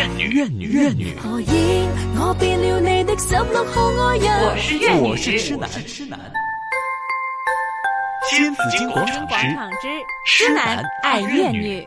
怨女怨女怨女，我是怨女，我是痴男，金紫荊廣場之癡男愛怨女。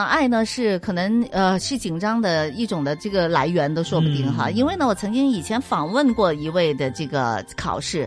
愛呢，是可能呃，是緊張的一種的這個來源，都說不定哈、嗯，因為呢，我曾經以前訪問過一位的這個考試，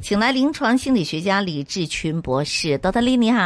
請來臨床心理學家李智群博士，doctor 李你好，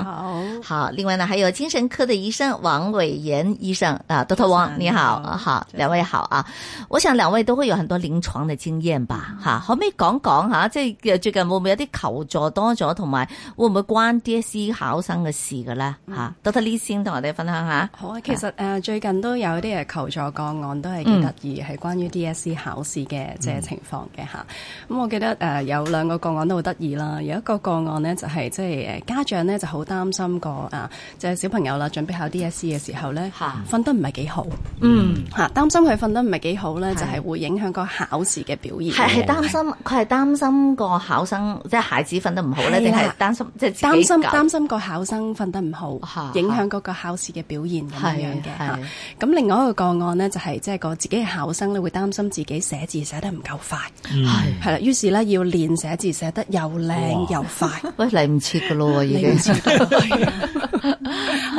你好。好，另外呢，還有精神科的醫生黃瑋妍醫生，啊，doctor 黃你好，你好。兩、哦嗯、位好啊，我想兩位都會有很多臨床的經驗吧，哈、嗯。可唔可以講講吓，即係最近會唔會有啲求助多咗，同埋會唔會關 DSE 考生嘅事嘅咧？吓，doctor 李先同我哋分享下。好啊，其實誒、呃，最近都有啲誒求助個案，都係幾得意，係、嗯、關於 DSE 考試嘅即係情況嘅吓。咁、嗯嗯嗯、我記得誒、呃有兩個個案都好得意啦，有一個個案呢，就係即係誒家長呢，就好擔心個啊，即係小朋友啦，準備考 DSE 嘅時候咧，瞓得唔係幾好，嗯吓，擔心佢瞓得唔係幾好呢，就係會影響個考試嘅表現。係？係擔心，佢係擔心個考生即係孩子瞓得唔好呢定係擔心即係擔心擔心個考生瞓得唔好，影響嗰個考試嘅表現咁樣嘅。咁另外一個個案呢，就係即係個自己嘅考生呢，會擔心自己寫字寫得唔夠快，係，係啦，於是呢要練。寫字寫得又靚又快，喂嚟唔切噶咯，已經係咁、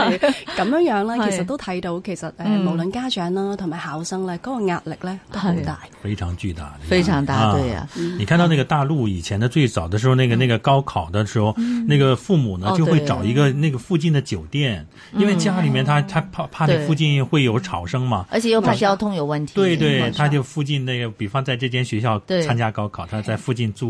哎、樣樣咧。其實都睇到，其實誒，無論家長啦、啊，同埋考生咧、啊，嗰個壓力咧都係大，非常巨大，非常大對啊，啊、嗯。你看到那個大陸以前的最早的時候，那個那個高考的時候，嗯、那個父母呢、嗯、就會找一個、嗯、那個附近的酒店，嗯、因為家裏面他他怕怕那附近會有吵聲嘛，而且又怕交通有問題。對對，他就附近那個，比方在這間學校參加高考，他在附近租。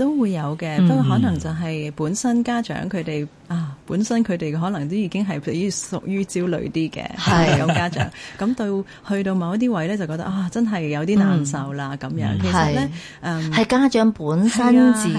都會有嘅，不過可能就係本身家長佢哋、嗯、啊，本身佢哋可能都已經係屬於屬於焦慮啲嘅，係有家長，咁 到去到某一啲位咧，就覺得啊，真係有啲難受啦咁樣，其實咧，誒係、嗯、家長本身自己、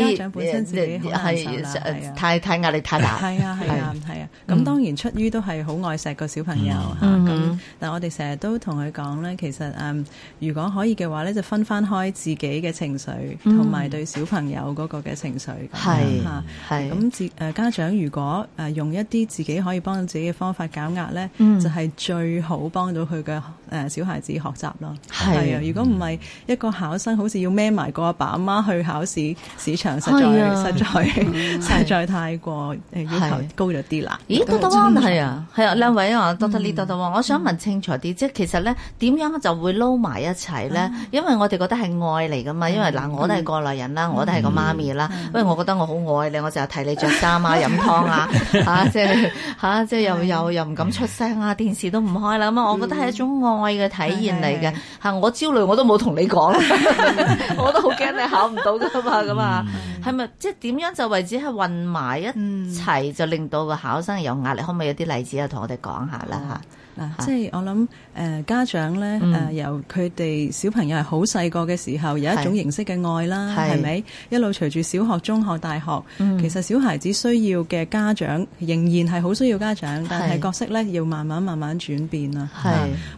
啊啊啊，家長本身自己好難受啦，係啊，太太壓力太大，係啊啊係啊。咁、啊啊啊啊啊、 當然出於都係好愛錫個小朋友吓咁、嗯啊嗯、但係我哋成日都同佢講咧，其實誒、嗯、如果可以嘅話咧，就分翻開自己嘅情緒同埋對小小朋友嗰個嘅情緒，係嚇，係咁自誒家長如果誒用一啲自己可以幫到自己嘅方法減壓咧，就係、嗯、最好幫到佢嘅。誒、呃、小孩子學習咯，係啊，啊！如果唔係一個考生，好似要孭埋個阿爸阿媽，媽去考試市場實在、啊，實在實在、啊、實在太過、啊、要求高咗啲啦。咦 Doctor Wong 係啊，係、嗯、啊，兩位啊 Doctor Lee Doctor Wong 我想問清楚啲，即係其實咧點樣就會撈埋一齊咧、啊？因為我哋覺得係愛嚟噶嘛、嗯，因為嗱，我都係過來人啦，嗯、我都係個媽咪啦、嗯，因為我覺得我好愛你，我就係替你着衫啊、 飲湯啊，啊，即係嚇、啊、即又又、嗯、又唔敢出聲啊，電視都唔開啦，咁我覺得係一種愛。嗯愛嘅體驗嚟嘅，吓，我焦慮，我都冇同你講， 我都好驚你考唔到噶嘛，咁 啊，係咪即係點樣就為止係混埋一齊，就令到個考生有壓力？嗯、可唔可以有啲例子啊，同我哋講下啦吓？嗱，即係我諗誒、呃，家長咧誒、嗯呃，由佢哋小朋友係好細個嘅時候，有一種形式嘅愛啦，係咪？一路隨住小學、中學、大學，嗯、其實小孩子需要嘅家長仍然係好需要家長，是但係角色咧要慢慢慢慢轉變啊。係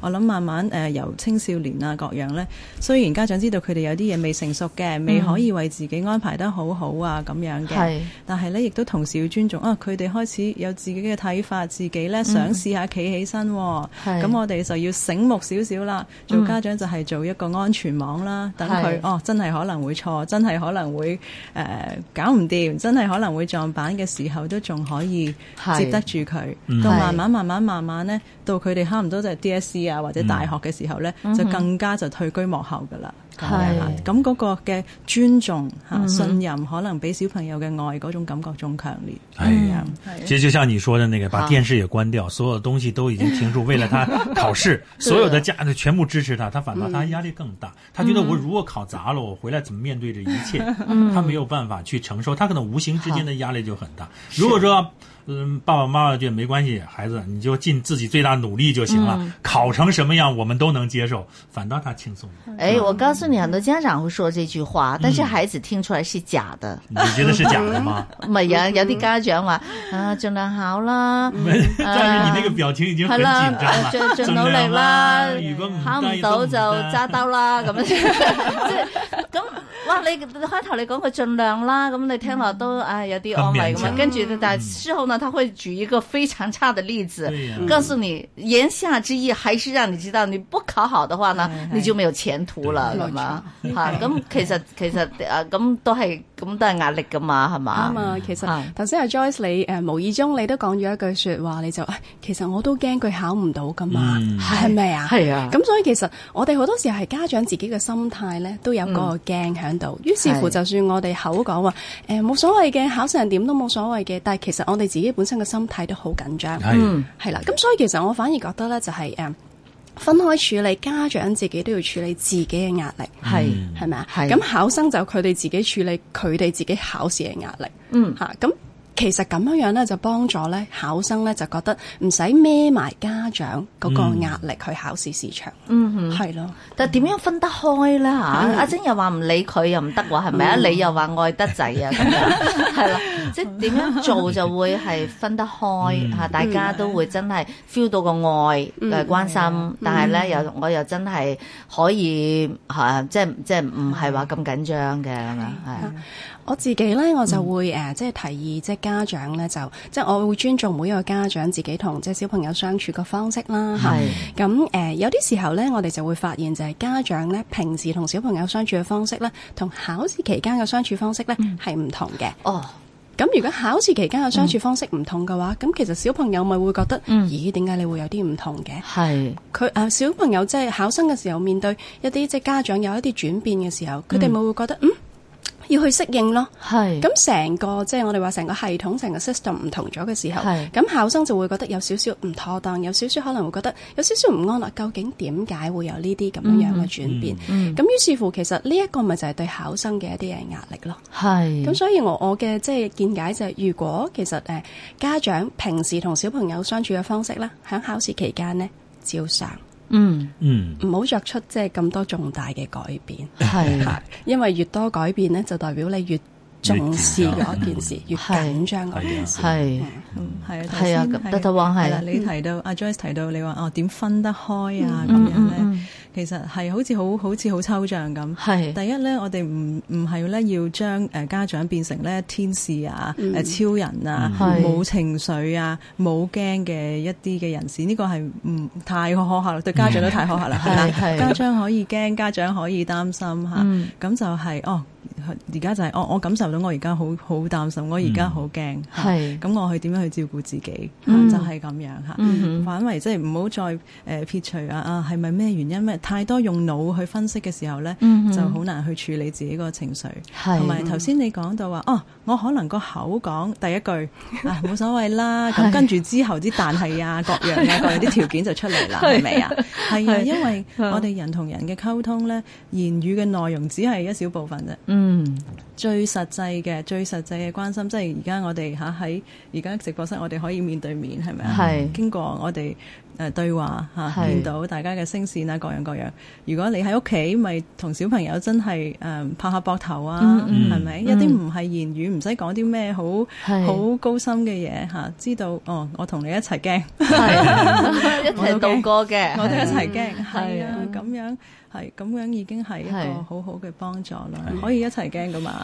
我諗慢慢、呃、由青少年啊各樣咧，雖然家長知道佢哋有啲嘢未成熟嘅、嗯，未可以為自己安排得好好啊咁樣嘅，但係咧亦都同時要尊重啊，佢、哦、哋開始有自己嘅睇法，自己咧想試下企起身、哦，咁我哋就要醒目少少啦。做家長就係做一個安全網啦，等、嗯、佢哦真係可能會錯，真係可能會誒、呃、搞唔掂，真係可能會撞板嘅時候都仲可以接得住佢。咁、嗯、慢慢慢慢慢慢咧，到佢哋差唔多就 DSE 啊或或者大學嘅時候咧、嗯，就更加就退居幕後噶啦。係咁嗰個嘅尊重吓、啊、信任、嗯，可能比小朋友嘅愛嗰種感覺仲強烈、哎嗯。其實就像你說的那個，把電視也關掉，所有東西都已經停住，為了他考試， 所有的家都全部支持他， 他反倒他壓力更大。 他覺得我如果考砸了，我回來怎麼面對這一切？ 他沒有辦法去承受，他可能無形之間的壓力就很大。如果說，嗯，爸爸媽媽就沒關係，孩子你就盡自己最大努力就行了、嗯，考成什麼樣我們都能接受，反倒他輕鬆。哎，我告訴你，很多家長會說這句話，嗯、但是孩子聽出來是假的。你覺得是假的嗎？唔係啊，有啲家長話啊盡量考啦，係、嗯、啦，盡、 嗯 嗯 嗯、 努力啦，考唔到就揸兜啦咁樣。即係咁哇，你開頭你講佢盡量啦，咁、嗯、你、嗯嗯嗯、聽落都哎有啲安慰咁啊，跟住咧但係事後呢。嗯嗯嗯他會舉一個非常差的例子，告訴、啊、你言下之意，還是讓你知道，你不考好的話呢，啊、你就沒有前途了，嘛、啊？吓咁其實其實啊咁都係咁都係壓力噶嘛，係嘛、啊？啊嘛，其實頭先阿 Joyce 你誒、呃、無意中你都講咗一句說話，你就、哎、其實我都驚佢考唔到噶嘛，係、嗯、咪啊？係啊，咁所以其實我哋好多時候係家長自己嘅心態呢都有個驚喺度，於是乎就算我哋口講話誒冇所謂嘅，考成點都冇所謂嘅，但係其實我哋自己。自己本身嘅心態都好緊張，係係啦，咁所以其實我反而覺得呢、就是，就係誒分開處理，家長自己都要處理自己嘅壓力，係係咪啊？咁考生就佢哋自己處理佢哋自己考試嘅壓力，嗯吓咁。其實咁樣樣咧，就幫助咧考生咧，就覺得唔使孭埋家長嗰個壓力去考試市場，嗯係咯、嗯。但點樣分得開咧？吓、嗯，阿晶又話唔理佢又唔得喎，係咪啊？你又話愛得仔啊？係 啦、嗯，即係點樣做就會係分得開吓、嗯，大家都會真係 feel 到個愛嘅、嗯、關心。嗯、但係咧、嗯，又我又真係可以吓、啊，即係即係唔係話咁緊張嘅係咪？嗯我自己咧，我就會誒，即係提議，即係家長咧，就即係我會尊重每一個家長自己同即係小朋友相處嘅方式啦。係。咁誒、呃，有啲時候咧，我哋就會發現就係家長咧，平時同小朋友相處嘅方式咧，同考試期間嘅相處方式咧係唔同嘅、嗯。哦。咁如果考試期間嘅相處方式唔同嘅話，咁、嗯、其實小朋友咪會覺得，嗯、咦，點解你會有啲唔同嘅？係。佢小朋友即係考生嘅時候面對一啲即係家長有一啲轉變嘅時候，佢哋咪會覺得嗯。要去適應咯，咁成個即係、就是、我哋話成個系統成個 system 唔同咗嘅時候，咁考生就會覺得有少少唔妥當，有少少可能會覺得有少少唔安樂。究竟點解會有呢啲咁樣嘅轉變？咁、嗯嗯嗯、於是乎其實呢一個咪就係對考生嘅一啲嘅壓力咯。咁所以我我嘅即係見解就係，如果其實誒家長平時同小朋友相處嘅方式啦，喺考試期間呢，照常。嗯嗯，唔好作出即係咁多重大嘅改變，係、啊，因為越多改變咧，就代表你越重視嗰件事， 越緊張嗰件事，係，係啊，頭先係啦，你提到阿、嗯啊、Joyce 提到你話哦，點分得開啊咁樣咧。嗯其實係好似好好似好抽象咁。第一咧，我哋唔唔係咧要將家長變成咧天使啊、嗯、超人啊、冇、嗯、情緒啊、冇驚嘅一啲嘅人士，呢、呢個係唔太可客啦，對家長都太苛刻啦。嗯、家長可以驚，家長可以擔心吓，咁、嗯、就係、是、哦。而家就係、是、我我感受到我而家好好擔心，我而家好驚，咁、嗯、我去點樣去照顧自己，嗯、就係、是、咁樣吓、嗯，反為即係唔好再誒撇除啊啊係咪咩原因咩？太多用腦去分析嘅時候咧、嗯，就好難去處理自己個情緒，同埋頭先你講到話哦、啊，我可能個口講第一句冇、 啊、所謂啦，咁跟住之後啲但係啊 各樣啊 各樣啲條件就出嚟啦，係咪啊？係啊，因為我哋人同人嘅溝通咧，言語嘅內容只係一小部分啫。 嗯嗯。最實際嘅、最實際嘅關心，即係而家我哋嚇喺而家直播室，我哋可以面對面，係咪啊？係經過我哋誒、呃、對話嚇、啊，見到大家嘅聲線啊，各樣各樣。如果你喺屋企，咪同小朋友真係誒、嗯、拍下膊頭啊，係、嗯、咪？有啲唔係言語，唔使講啲咩好好高深嘅嘢嚇，知道哦。我同你一齊驚，係啊、 一齊度過嘅，我哋一齊驚，係啊，咁、啊啊啊、樣係咁樣已經係一個很好好嘅幫助啦。可以一齊驚噶嘛？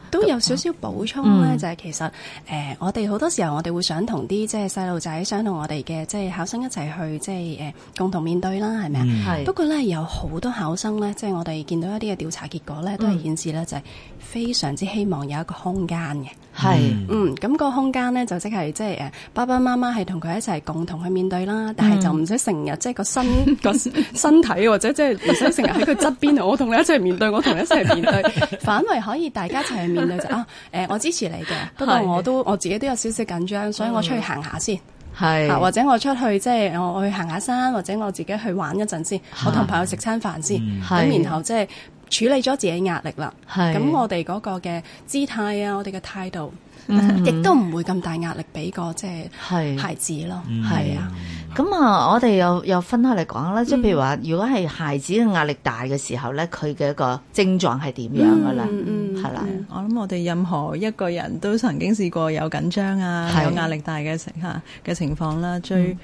都有少少補充咧、嗯，就係、是、其實誒、呃，我哋好多時候我哋會想同啲即係細路仔，就是、想同我哋嘅即係考生一齊去即係、就是呃、共同面對啦，係咪啊？係。不過咧，有好多考生咧，即、就、係、是、我哋見到一啲嘅調查結果咧，都係顯示咧，就係非常之希望有一個空間嘅。係，嗯，咁、嗯，那個空間咧就即係，即係，誒，爸爸媽媽係同佢一齊共同去面對啦，嗯、但係就唔使成日，即係個身個 身體或者即係唔使成日喺佢側邊， 我同你一齊面對，我同你一齊面對， 反為可以大家一齊去面對就 啊，誒，我支持你嘅，不過我都我自己都有少少緊張，所以我出去行下先，係、啊，或者我出去即係我去行下山，或者我自己去玩一陣先，啊、我同朋友食餐飯先，咁、嗯、然，然後即係。處理咗自己壓力啦，咁我哋嗰個嘅姿態啊，我哋嘅態度，亦都唔會咁大壓力俾個即係、就是、孩子咯，係、mm -hmm. 啊。咁啊，我哋又又分開嚟講啦，即、mm、係 -hmm. 譬如話，如果係孩子嘅壓力大嘅時候咧，佢嘅一個症狀係點樣噶啦？係、mm、啦 -hmm.，我諗我哋任何一個人都曾經試過有緊張啊，有壓力大嘅情嚇嘅情況啦、啊，最、mm。-hmm.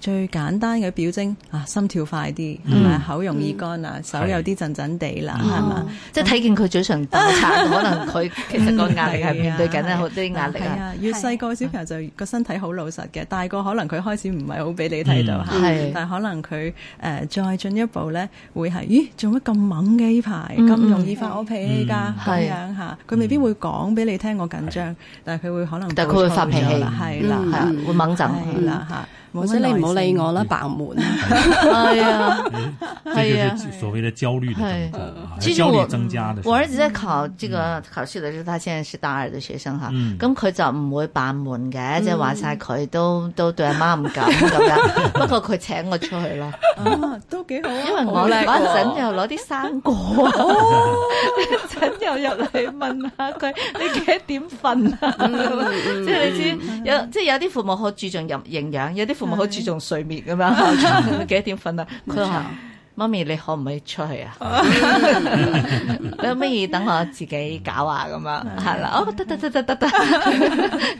最簡單嘅表徵啊，心跳快啲，同、嗯、埋口容易乾啊、嗯，手有啲震震地啦，係嘛、哦嗯？即係睇見佢嘴唇抖可能佢、啊、其實個壓力係面對緊啊，好多壓力啊。越細個小朋友就個身體好老實嘅，大個可能佢開始唔係好俾你睇到嚇，但係可能佢誒再進一步咧，會係咦做乜咁猛嘅呢排，咁、嗯、容易發我脾氣㗎咁樣嚇？佢、嗯、未必會講俾你聽我緊張，但係佢會可能，但佢會發脾氣，係啦，係、嗯、啊，會猛震啦嚇，所、嗯、你理我啦，扮懵，係 啊、哎，係、哎、啊，哎哎、這就是所謂的焦慮的、啊、焦慮增加的我。我兒子考這個、嗯、考試嗰時，他現在是大二的學生哈，咁、嗯、佢、嗯、就唔會扮懵嘅，即係話晒佢都都對阿媽唔夠咁樣，不過佢請我出去咯、嗯啊，都幾好。因為我咧一陣又攞啲生果，哦、問問一陣又入嚟問下佢、嗯、你幾點瞓啊？即係你知有，即係有啲父母好注重營營養，有啲父母好注重。睡眠咁樣，幾多點瞓啊？佢話，媽咪，你可唔可以出去啊？你可唔 可以等我自己搞下咁樣，係 啦、 哦，哦，得得得得得得，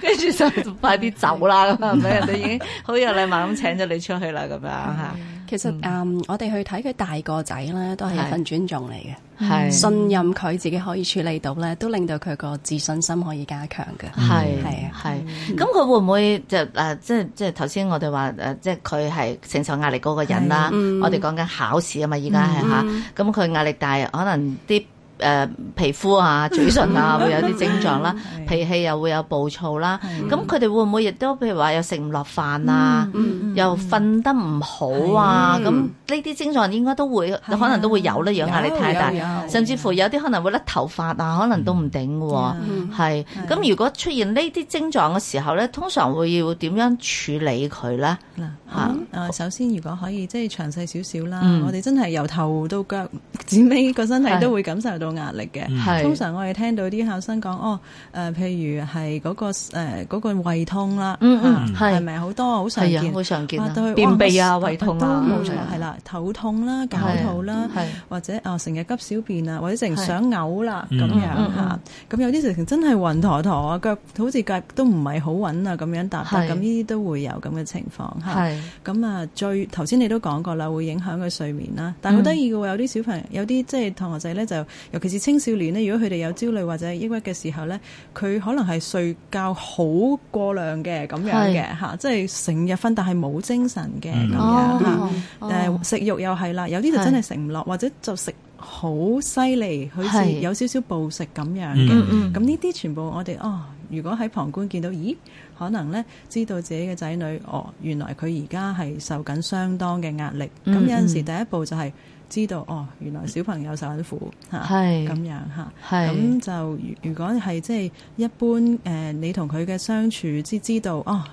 跟住 就快啲走啦咁樣，俾人哋已經好有禮貌咁請咗你出去啦咁樣吓。嗯其實誒、嗯嗯，我哋去睇佢大個仔咧，都係一份尊重嚟嘅、嗯，信任佢自己可以處理到咧，都令到佢個自信心可以加強嘅。係係啊，係。咁、嗯、佢會唔會就誒、呃，即係即係頭先我哋話誒，即係佢係承受壓力高過人啦、嗯。我哋講緊考試啊嘛，而家係吓，咁佢壓力大，可能啲。呃、皮膚啊、嘴唇啊， 會有啲症狀啦、啊； 脾氣又會有暴躁啦、啊。咁佢哋會唔會亦都譬如話又食唔落飯啊？嗯嗯、又瞓得唔好啊？咁呢啲症狀應該都會可能都會有咧、啊，養壓力太大。甚至乎有啲可能會甩頭髮啊，啊，可能都唔頂喎。係咁，如果出現呢啲症狀嘅時候咧，通常會要點樣處理佢咧、嗯啊嗯？首先，如果可以即係、就是、詳細少少啦，我哋真係由頭到腳至尾個身體都會感受到。壓力嘅，通常我哋聽到啲考生講，哦，誒、呃，譬如係嗰、嗰個誒、呃嗰個、胃痛啦，嗯嗯，係咪好多好常見？好常見啊、哦，便秘啊，胃痛冇錯啊，係、哦、啦、哦，頭痛啦、啊，搞肚啦，或者啊，成、哦、日急小便啊，或者成想嘔啦咁樣嚇，咁、嗯嗯、有啲成成真係暈陀陀啊，腳好似腳都唔係好穩啊咁樣踏踏，咁呢啲都會有咁嘅情況嚇，咁啊、嗯，最頭先你都講過啦，會影響佢睡眠啦，但係好得意嘅喎，有啲小朋友有啲即係同學仔咧就。其實青少年咧，如果佢哋有焦慮或者抑鬱嘅時候咧，佢可能係睡覺好過量嘅咁樣嘅吓，即係成日瞓，但係冇精神嘅咁樣吓。誒、哦哦呃哦、食慾又係啦，有啲就真係食唔落，或者就食好犀利，好似有少少暴食咁樣嘅。咁呢啲全部我哋哦。如果喺旁觀見到，咦？可能呢，知道自己嘅仔女，哦，原來佢而家係受緊相當嘅壓力。咁、嗯嗯、有陣時第一步就係知道，哦，原來小朋友受緊苦嚇，咁樣嚇。咁就如，如果係即係一般誒、呃，你同佢嘅相處即知，知道，哦。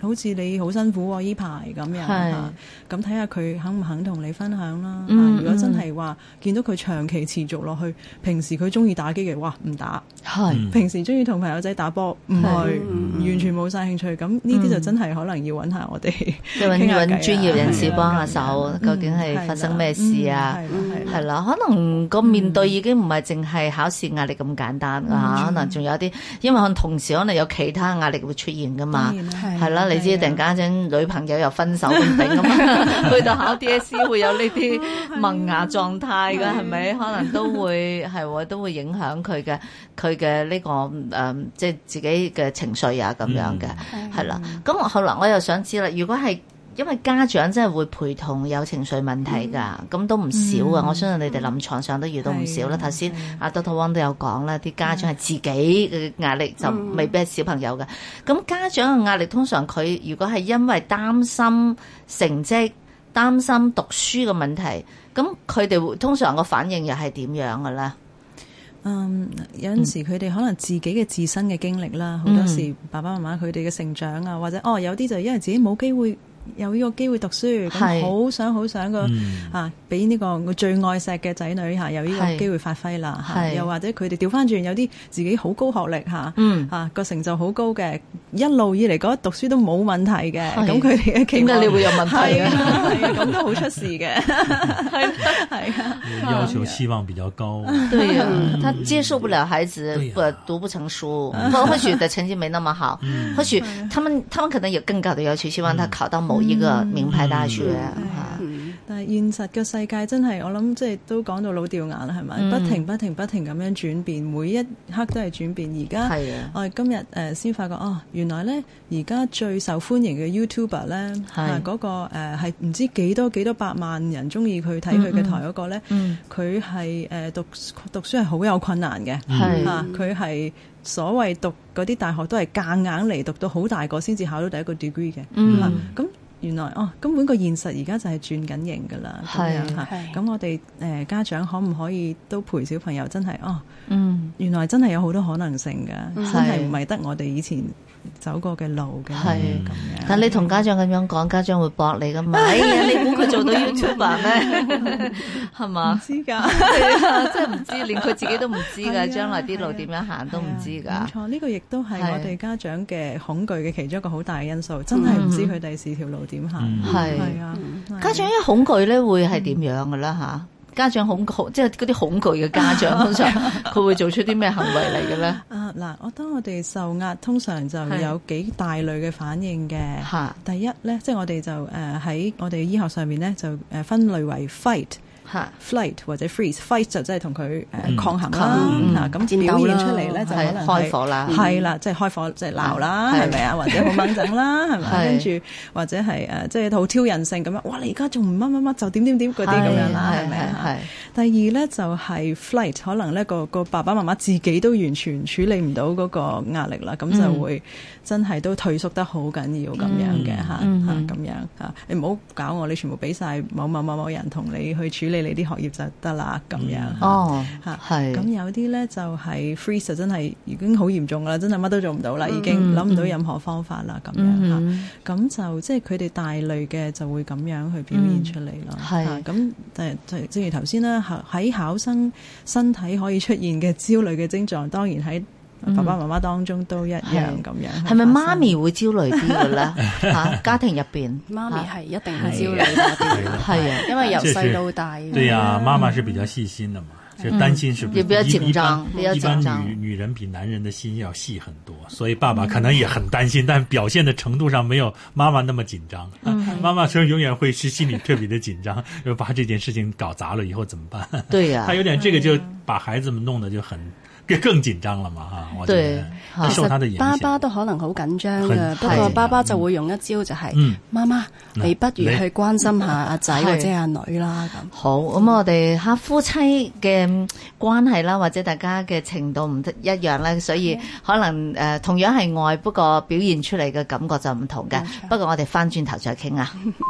好似你好辛苦依排咁樣，咁睇下佢肯唔肯同你分享啦、嗯啊。如果真係話見到佢長期持續落去，平時佢中意打機嘅，話唔打；平時中意同朋友仔打波唔去，完全冇晒興趣。咁呢啲就真係可能要揾下我哋，即係揾揾專業人士幫下手、嗯，究竟係發生咩事啊？係啦、嗯，可能個面對已經唔係淨係考試壓力咁簡單、啊嗯，可能仲有啲，因為可能同時可能有其他壓力會出現㗎嘛，係啦。你知，突然間陣女朋友又分手唔定啊嘛， 去到考 DSE 會有呢啲萌芽狀態嘅，係 咪？可能都會係會都會影響佢嘅佢嘅呢個誒、呃，即係自己嘅情緒啊咁樣嘅，係、嗯、啦。咁我後來我又想知啦，如果係。因為家長真係會陪同有情緒問題㗎，咁、嗯、都唔少啊、嗯。我相信你哋臨床上都遇到唔少啦。頭先阿 Doctor Wong 都有講啦，啲家長係自己嘅壓力就未必係小朋友嘅。咁、嗯、家長嘅壓力通常佢如果係因為擔心成績、擔心讀書嘅問題，咁佢哋會通常個反應又係點樣㗎咧？嗯，有陣時佢哋可能自己嘅自身嘅經歷啦，好、嗯、多時爸爸媽媽佢哋嘅成長啊，或者哦有啲就係因為自己冇機會。有呢個機會讀書，咁好想好想個、嗯、啊！俾呢個我最愛錫嘅仔女嚇、啊，有呢個機會發揮啦、啊。又或者佢哋調翻轉，有啲自己好高學歷嚇，嚇、啊、個、嗯啊、成就好高嘅，一路以嚟覺得讀書都冇問題嘅。咁佢哋嘅傾得，點解你會有問題啊？咁、啊 啊啊、 都好出事嘅，係係要求希望比較高， 是啊 對啊，他接受不了孩子、哎、不讀不成書，或或許嘅成績沒那麼好，或、哎、許他，嗯他，哎、他們他們可能有更高的要求，希望他考到某、嗯。嗯一個名牌大學，嗯嗯、但係現實嘅世界真係，我諗即係都講到老掉牙啦，係咪、嗯？不停不停不停咁樣轉變，每一刻都係轉變。而家我哋今日誒、呃，先發覺哦，原來呢，而家最受歡迎嘅 YouTuber 呢，嗰、啊嗰個誒係唔知幾多幾多百萬人中意佢睇佢嘅台嗰個呢，佢係誒讀讀書係好有困難嘅，吓佢係所謂讀嗰啲大學都係夾硬嚟讀到好大個先至考到第一個 degree 嘅，咁、嗯。啊嗯嗯原來哦，根本個現實而家就係轉緊型㗎喇，咁樣咁我哋誒、呃、家長可唔可以都陪小朋友？真係哦，嗯，原來真係有好多可能性㗎，真係唔係得我哋以前走過嘅路嘅係咁樣，但你同家長咁樣講，家長會駁你噶嘛？唔 係、哎、你估佢做到 YouTuber 咩？係 嘛知道？ 唔知噶， 真係唔知道，連佢自己都唔知噶，將、啊、來啲路點、啊、樣行都唔知噶。錯、啊，呢、啊這個亦都係我哋家長嘅恐懼嘅其中一個好大嘅因素，嗯、真係唔知佢第四條路點行。係、嗯嗯、啊，啊，家長一恐懼咧，會係點樣噶啦吓？家長恐恐，即係嗰啲恐懼嘅家長 通常佢會做出啲咩行為嚟嘅咧？ 啊，嗱，我當我哋受壓，通常就有幾大類嘅反應嘅。吓。第一咧，即係我哋就誒喺我哋醫學上面咧，就誒分類為 fight。flight 或者 freeze，flight 就真係同佢誒抗衡啦。咁、嗯嗯嗯、表現出嚟咧，就可能開火啦，係啦，即、嗯、係、就是、開火就是，即係鬧啦，係咪啊？或者好掹整啦，係 咪？跟住，或者係誒即係好挑釁性咁樣哇！你而家仲唔乜乜乜就點點點啲咁樣啦，係咪啊？第二咧就係 flight，可能咧個個爸爸媽媽自己都完全處理唔到個壓力啦，咁、嗯、就會真係都退縮得好緊要咁、嗯、樣嘅吓吓咁樣吓，你唔好搞我，你全部俾晒某某某某人同你去處理。你啲學業就得啦，咁樣吓，係、嗯、咁、哦、有啲咧就係、是、freeze，就真係已經好嚴重啦，真係乜都做唔到啦，已經諗唔到任何方法啦，咁、嗯、樣吓，咁、嗯、就即係佢哋大類嘅就會咁樣去表現出嚟咯，係咁即係正如頭先啦，喺考生身體可以出現嘅焦慮嘅症狀，當然喺。爸爸媽媽當中都一樣咁樣，係咪媽咪會焦慮啲嘅咧？吓、 啊，家庭入邊、啊，媽咪係一定會焦慮多啲，係啊，因為由細到大，對呀、啊嗯，媽媽是比較細心的嘛，嗯、就擔心是，也比較緊張，比較緊張。一般女女人比男人的心要細很多，所以爸爸可能也很擔心，嗯、但表現的程度上沒有媽媽那麼緊張。嗯、媽媽說永遠會是心裏特別的緊張，就 把這件事情搞砸了以後怎麼辦？對呀、啊， 他有點這個就把孩子們弄得就很。更緊張啦嘛，吓！其實爸爸都可能好緊張嘅，不過爸爸就會用一招就係、是，媽媽、嗯、你不如去關心下阿仔或者阿女啦咁。好，咁我哋吓夫妻嘅關係啦，或者大家嘅程度唔一樣啦，所以可能誒、呃、同樣係愛，不過表現出嚟嘅感覺就唔同嘅。不過我哋翻轉頭再傾啊。